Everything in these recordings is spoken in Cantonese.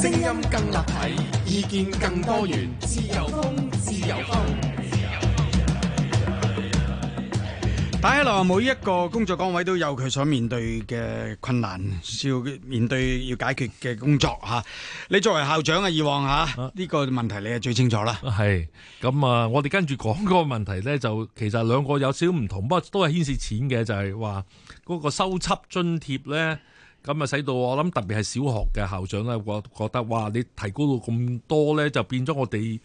聲音更立體，意見更多元，自由風，自由風。自由風。大家留意，每一個工作崗位都有佢所面對嘅困難，需要面對要解決嘅工作吓。你作為校長啊，以往吓呢個問題你係最清楚啦。係咁啊，我哋跟住講嗰個問題咧，就其實兩個有少少唔同，不過都係牽涉錢嘅，就係話嗰個修葺津貼咧。咁啊，使到我諗特別係小學嘅校長咧，覺覺得哇！你提高到咁多咧，就變咗我哋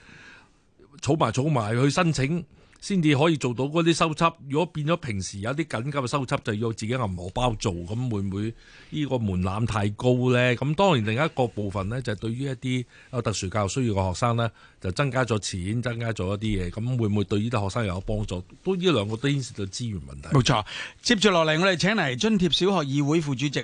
儲埋儲埋去申請，先至可以做到嗰啲修葺。如果變咗平時有啲緊急嘅修葺，就要自己銀荷包做，咁會唔會呢個門檻太高咧？咁當然另一個部分咧，就係、對於一啲有特殊教育需要嘅學生咧，就增加咗錢，增加咗一啲嘢，咁會唔會對呢啲學生又有幫助？都呢兩個都牽涉到資源問題。冇錯，接住落嚟，我哋請嚟津貼小學議會副主席。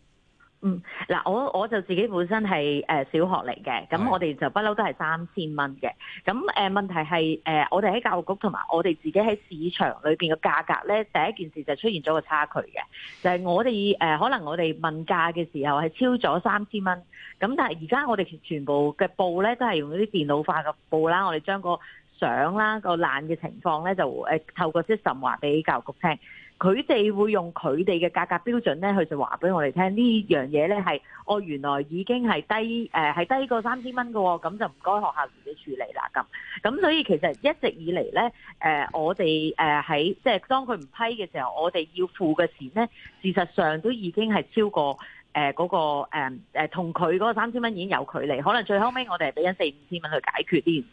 嗯，嗱，我我就自己本身係、呃、小學嚟嘅，咁我哋就不嬲都係三千蚊嘅。咁誒、呃、問題係、呃、我哋喺教育局同埋我哋自己喺市場裏面嘅價格咧，第一件事就出現咗個差距嘅，就係、是、我哋誒、呃、可能我哋問價嘅時候係超咗三千蚊，咁但係而家我哋全部嘅報咧都係用啲電腦化嘅報啦，我哋將個相啦、那個爛嘅情況咧就透過即 y s 話俾教育局聽。佢哋會用佢哋嘅價格標準咧，佢就話俾我哋聽呢樣嘢咧係，我、哦、原來已經係低係、呃、低過三千蚊嘅，咁就唔該學校自己處理啦咁。咁所以其實一直以嚟咧，誒、呃、我哋誒喺即係當佢唔批嘅時候，我哋要付嘅錢咧，事實上都已經係超過誒嗰、呃嗰個誒同佢嗰三千蚊已經有距離，可能最後尾我哋係俾緊四五千蚊去解決呢件事。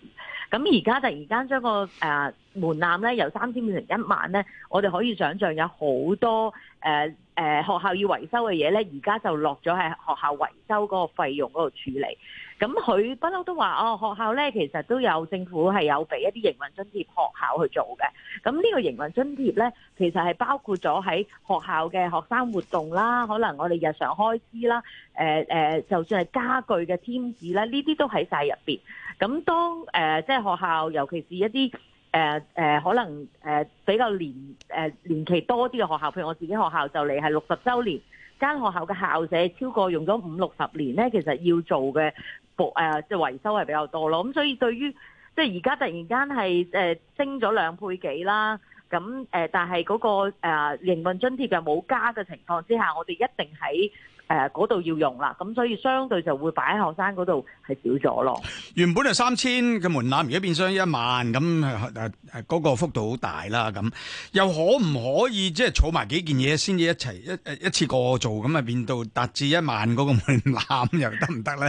咁而家突然間將個誒，呃門檻咧由三千變成一萬咧，我哋可以想像有好多誒誒、呃呃、學校要維修嘅嘢咧，而家就落咗喺學校維修嗰個費用嗰度處理。咁佢不嬲都話哦，學校咧其實都有政府係有俾一啲營運津貼學校去做嘅。咁呢個營運津貼咧，其實係包括咗喺學校嘅學生活動啦，可能我哋日常開支啦，誒、呃、誒、呃，就算係家具嘅添置啦，呢啲都喺晒入邊。咁當誒即係學校，尤其是一啲。誒誒、呃呃，可能誒、呃、比較年誒、呃、年期多啲嘅學校，譬如我自己學校就嚟係六十周年，間學校嘅校舍超過用咗五六十年咧，其實要做嘅博誒即係維修係比較多咯。咁所以對於即係而家突然間係誒升咗兩倍幾啦，咁誒、呃、但係嗰、那個誒營運津貼又冇加嘅情況之下，我哋一定喺。誒嗰度要用啦，咁所以相對就會擺喺學生嗰度係少咗咯。原本就三千嘅門檻，而家變相一萬，咁誒誒誒嗰個幅度好大啦。咁又可唔可以即係儲埋幾件嘢先至一齊一誒一次過做，咁咪變到達至一萬嗰個門檻又得唔得咧？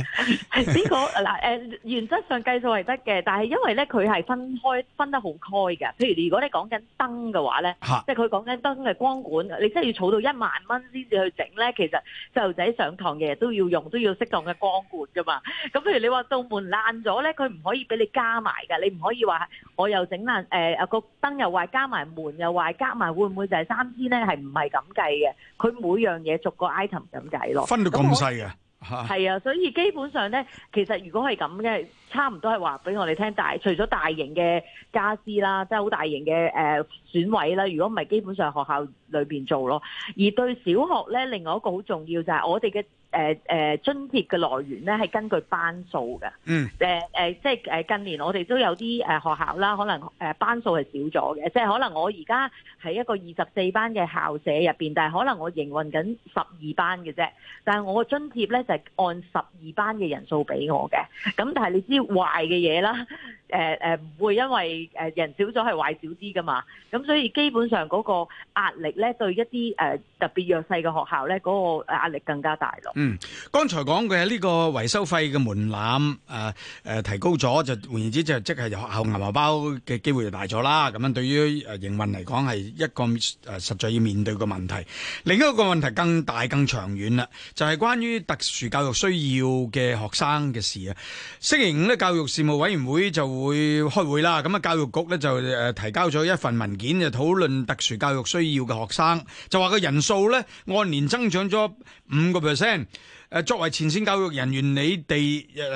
呢個嗱誒原則上計數係得嘅，但係因為咧佢係分開分得好開㗎。譬如如果你講緊燈嘅話咧，即係佢講緊燈嘅光管，你真係要儲到一萬蚊先至去整咧，其實就～仔上堂嘅日都要用，都要適當嘅光管噶嘛。咁譬如你話道門爛咗咧，佢唔可以俾你加埋噶，你唔可以話我又整爛誒，個燈又壞加埋，門又壞加埋，會唔會就係三 D 咧？係唔係咁計嘅？佢每樣嘢逐個 item 咁計咯，分到咁細啊！係 啊，所以基本上呢，其實如果係咁嘅，差唔多係話俾我哋聽大，除咗大型嘅家私啦，即係好大型嘅誒損毀啦，如果唔係，基本上學校裏邊做咯。而對小學呢，另外一個好重要就係我哋嘅。誒誒津貼嘅來源咧係根據班數嘅，嗯，誒誒即係誒近年我哋都有啲誒學校啦，可能誒班數係少咗嘅，即係可能我而家喺一個二十四班嘅校舍入邊，但係可能我營運緊十二班嘅啫，但係我嘅津貼咧就係按十二班嘅人數俾我嘅，咁但係你知壞嘅嘢啦。誒誒唔會因為誒人少咗係壞少啲㗎嘛，咁所以基本上嗰個壓力咧對一啲誒、呃、特別弱勢嘅學校咧嗰、那個壓力更加大咯。嗯，剛才講嘅呢個維修費嘅門檻誒誒提高咗，就換言之就即係學校銀包包嘅機會就大咗啦。咁樣對於誒營運嚟講係一個誒實在要面對嘅問題。另一個問題更大更長遠啦，就係、是、關於特殊教育需要嘅學生嘅事啊。星期五呢，教育事務委員會就會開會啦，咁啊教育局咧就誒提交咗一份文件，就討論特殊教育需要嘅學生，就話個人數咧按年增長咗五個 percent。誒，作為前線教育人員，你哋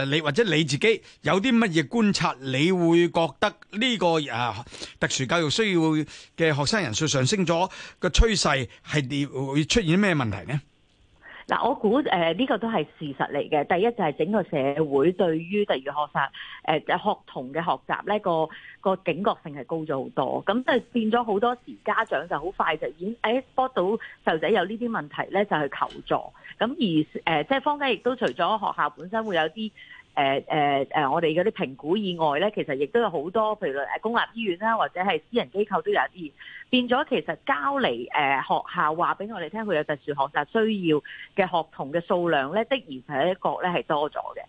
你,你或者你自己有啲乜嘢觀察？你會覺得呢、這個、啊、特殊教育需要嘅學生人數上升咗個趨勢係會出現啲咩問題呢？嗱，我估誒呢個都係事實嚟嘅。第一就係整個社會對於特別學生誒、呃、學童嘅學習咧，個個警覺性係高咗好多。咁即係變咗好多時，家長就好快就已經誒波、哎、到細路仔有呢啲問題咧，就去求助。咁而誒、呃，即係坊間亦都除咗學校本身會有啲。誒誒誒，我哋嗰啲評估以外咧，其實亦都有好多，譬如誒公立醫院啦，或者係私人機構都有啲。變咗其實交嚟誒、呃、學校話俾我哋聽，佢有特殊學習需要嘅學童嘅數量咧，的而且確咧係多咗嘅。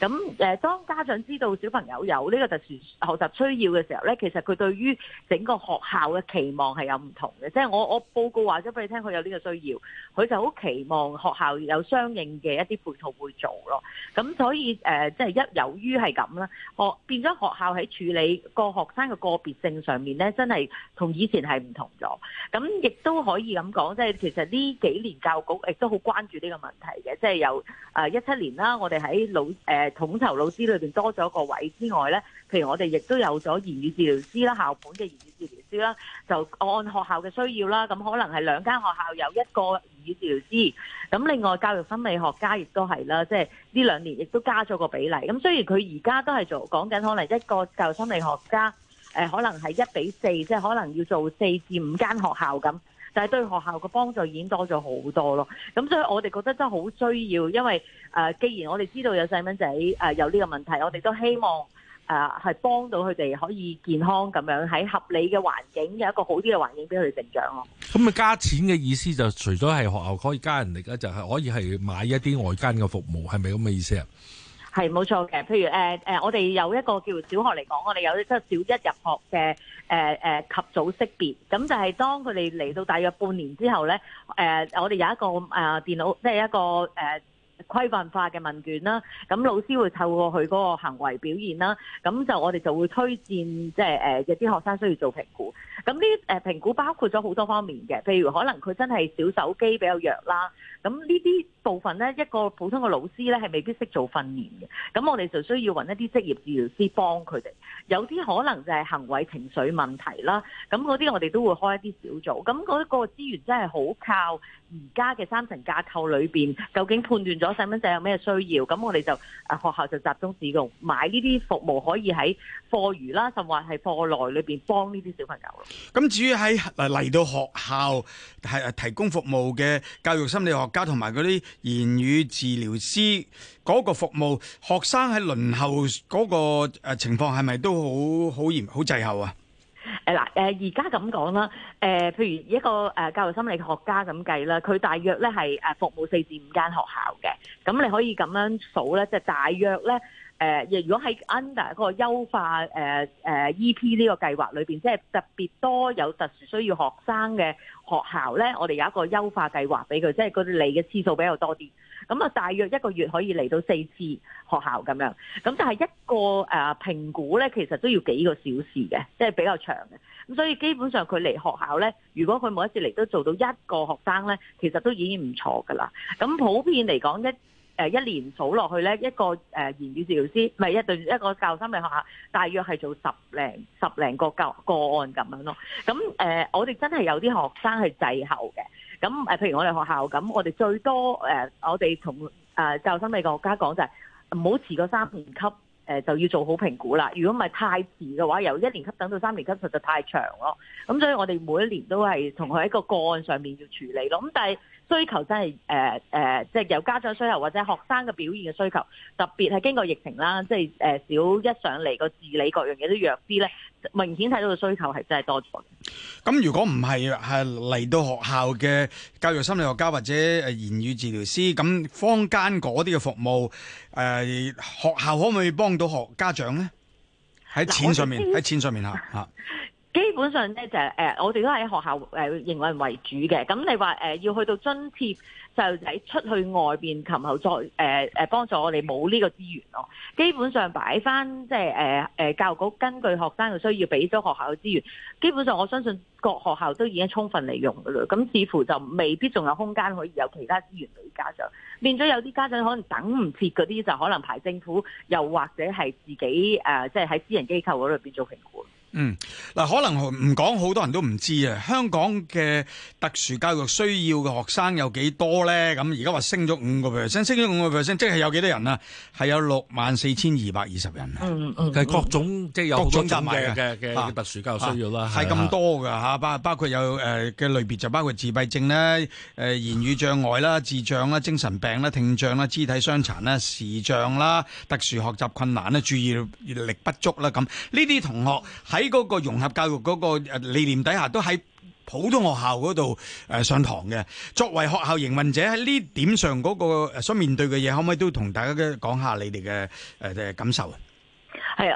咁誒、呃，當家長知道小朋友有呢個特殊學習需要嘅時候咧，其實佢對於整個學校嘅期望係有唔同嘅。即係我我報告話咗俾你聽，佢有呢個需要，佢就好期望學校有相應嘅一啲配套會做咯。咁所以誒。呃即係一由於係咁啦，學變咗學校喺處理個學生嘅個別性上面咧，真係同以前係唔同咗。咁亦都可以咁講，即係其實呢幾年教育局亦都好關注呢個問題嘅，即係由誒一七年啦，我哋喺老誒、呃、統籌老師裏邊多咗個位之外咧。譬如我哋亦都有咗言語治療師啦，校本嘅言語治療師啦，就按學校嘅需要啦，咁可能係兩間學校有一個言語治療師，咁另外教育心理學家亦都係啦，即係呢兩年亦都加咗個比例。咁雖然佢而家都係做講緊可能一個教育心理學家，誒可能係一比四，即係可能要做四至五間學校咁，但係對學校嘅幫助已經多咗好多咯。咁所以我哋覺得真係好需要，因為誒既然我哋知道有細蚊仔誒有呢個問題，我哋都希望。誒，係幫到佢哋可以健康咁樣，喺合理嘅環境有一個好啲嘅環境俾佢哋成長咯。咁啊加錢嘅意思就係除咗係學校可以加人力啦，就係可以係買一啲外間嘅服務，係咪咁嘅意思啊？係冇錯嘅，譬如誒誒、呃，我哋有一個叫小學嚟講，我哋有啲即係小一入學嘅誒誒及早識別，咁就係當佢哋嚟到大約半年之後咧，誒、呃、我哋有一個誒、呃、電腦，即係一個誒。呃規範化嘅問卷啦，咁老師會透過佢嗰個行為表現啦，咁就我哋就會推薦，即係誒有啲學生需要做評估，咁呢誒評估包括咗好多方面嘅，譬如可能佢真係小手機比較弱啦。咁呢啲部分呢，一個普通嘅老師呢，係未必識做訓練嘅，咁我哋就需要揾一啲職業治療師幫佢哋。有啲可能就係行為情緒問題啦，咁嗰啲我哋都會開一啲小組，咁嗰個資源真係好靠而家嘅三層架構裏邊究竟判斷咗細蚊仔有咩需要，咁我哋就學學校就集中使用買呢啲服務可以喺課餘啦，甚或係課內裏邊幫呢啲小朋友咯。咁至於喺嚟到學校提供服務嘅教育心理學家同埋嗰啲言語治療師嗰個服務，學生喺輪候嗰個誒情況係咪都好好嚴好滯後啊？誒嗱，誒而家咁講啦，誒譬如，一個誒教育心理學家咁計啦，佢大約咧係誒服務四至五間學校嘅，咁你可以咁樣數咧，即係大約咧。誒，如果喺 under 嗰個優化誒誒 EP 呢個計劃裏面，即係特別多有特殊需要學生嘅學校咧，我哋有一個優化計劃俾佢，即係佢嚟嘅次數比較多啲。咁啊，大約一個月可以嚟到四次學校咁樣。咁但係一個誒評估咧，其實都要幾個小時嘅，即係比較長嘅。咁所以基本上佢嚟學校咧，如果佢每一次嚟都做到一個學生咧，其實都已經唔錯噶啦。咁普遍嚟講一。一年數落去咧，一個誒言語治療師，唔係一對一個教心理學校，大約係做十零十零個教個案咁樣咯。咁誒，我哋真係有啲學生係滯後嘅。咁誒譬如我哋學校，咁我哋最多誒，我哋同誒教心理學家講就係唔好遲過三年級，誒就要做好評估啦。如果唔係太遲嘅話，由一年級等到三年級，實在太長咯。咁所以我哋每一年都係同佢一個個案上面要處理咯。咁但係需求真係誒誒，即係有家長需求或者學生嘅表現嘅需求，特別係經過疫情啦，即係誒少一上嚟個治理各樣嘢都弱啲咧，明顯睇到個需求係真係多咗。咁如果唔係係嚟到學校嘅教育心理學家或者言語治療師，咁坊間嗰啲嘅服務誒、呃、學校可唔可以幫到學家長咧？喺錢上面，喺錢上面嚇 基本上咧就係誒，我哋都喺學校誒營運為主嘅。咁你話誒要去到津貼，就喺出去外邊琴後再誒誒幫助我哋冇呢個資源咯。基本上擺翻即係誒誒教育局根據學生嘅需要俾咗學校嘅資源。基本上我相信各學校都已經充分利用噶啦。咁似乎就未必仲有空間可以有其他資源俾家長。變咗有啲家長可能等唔切嗰啲就可能排政府，又或者係自己誒即係喺私人機構嗰度邊做評估。嗯，嗱，可能唔講好多人都唔知啊。香港嘅特殊教育需要嘅學生有幾多咧？咁而家話升咗五個 percent，升咗五個 percent，即係有幾多人啊？係有六萬四千二百二十人啊！嗯嗯，係各種即係有好多嘅嘅嘅特殊教育需要啦，係咁多噶吓，包、啊啊、包括有誒嘅類別就包括自閉症咧、誒言語障礙啦、智障啦、精神病啦、聽障啦、肢體傷殘啦、視障啦、特殊學習困難啦，注意力不足啦，咁呢啲同學喺喺嗰個融合教育嗰個理念底下，都喺普通學校嗰度誒上堂嘅。作為學校營運者，喺呢點上嗰個誒所面對嘅嘢，可唔可以都同大家講下你哋嘅誒感受啊？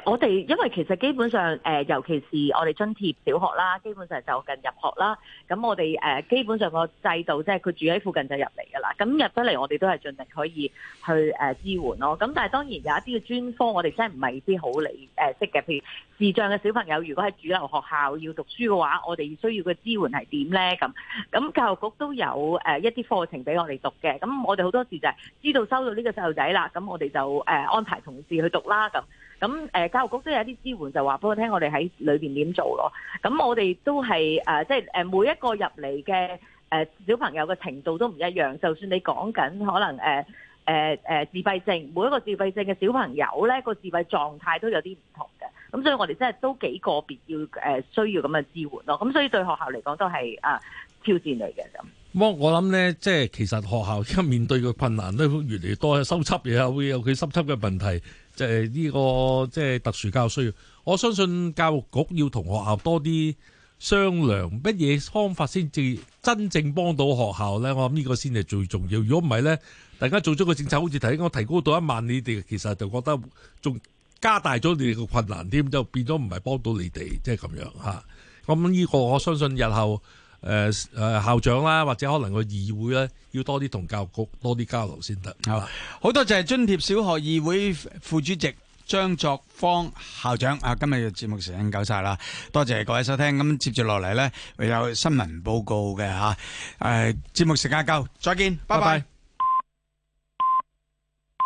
我哋因為其實基本上尤其是我哋津貼小學啦，基本上就近入學啦。咁我哋基本上個制度即係佢住喺附近就入嚟噶啦。咁入得嚟，我哋都係盡力可以去支援咯。咁但係當然有一啲嘅專科，我哋真係唔係啲好理誒識嘅。譬如智障嘅小朋友，如果喺主流學校要讀書嘅話，我哋需要嘅支援係點咧？咁咁教育局都有一啲課程俾我哋讀嘅。咁我哋好多時就知道收到呢個細路仔啦，咁我哋就安排同事去讀啦咁。咁誒，教育局都有啲支援，就話俾我聽我哋喺裏邊點做咯。咁我哋都係誒，即係誒每一個入嚟嘅誒小朋友嘅程度都唔一樣。就算你講緊可能誒誒誒自閉症，每一個自閉症嘅小朋友咧，那個自閉狀態都有啲唔同嘅。咁所以我哋真係都幾個別要誒、呃、需要咁嘅支援咯。咁所以對學校嚟講都係啊、呃、挑戰嚟嘅咁。我我諗咧，即係其實學校而家面對嘅困難都越嚟越多，修葺嘢，有會有佢修葺嘅問題。就係呢個即係特殊教育需要，我相信教育局要同學校多啲商量，乜嘢方法先至真正幫到學校咧？我諗呢個先係最重要。如果唔係咧，大家做咗個政策，好似提我提高到一萬，你哋其實就覺得仲加大咗你哋嘅困難添，就變咗唔係幫到你哋，即係咁樣吓。咁呢個我相信日後。誒誒，校長啦，或者可能個議會咧，要多啲同教育局多啲交流先得。好吧，好多謝津貼小學議會副主席張作芳校長，啊，今日嘅節目時間夠晒啦，多謝各位收聽。咁接住落嚟咧，會有新聞報告嘅吓。誒、啊，節目時間夠，再見，拜拜。拜拜。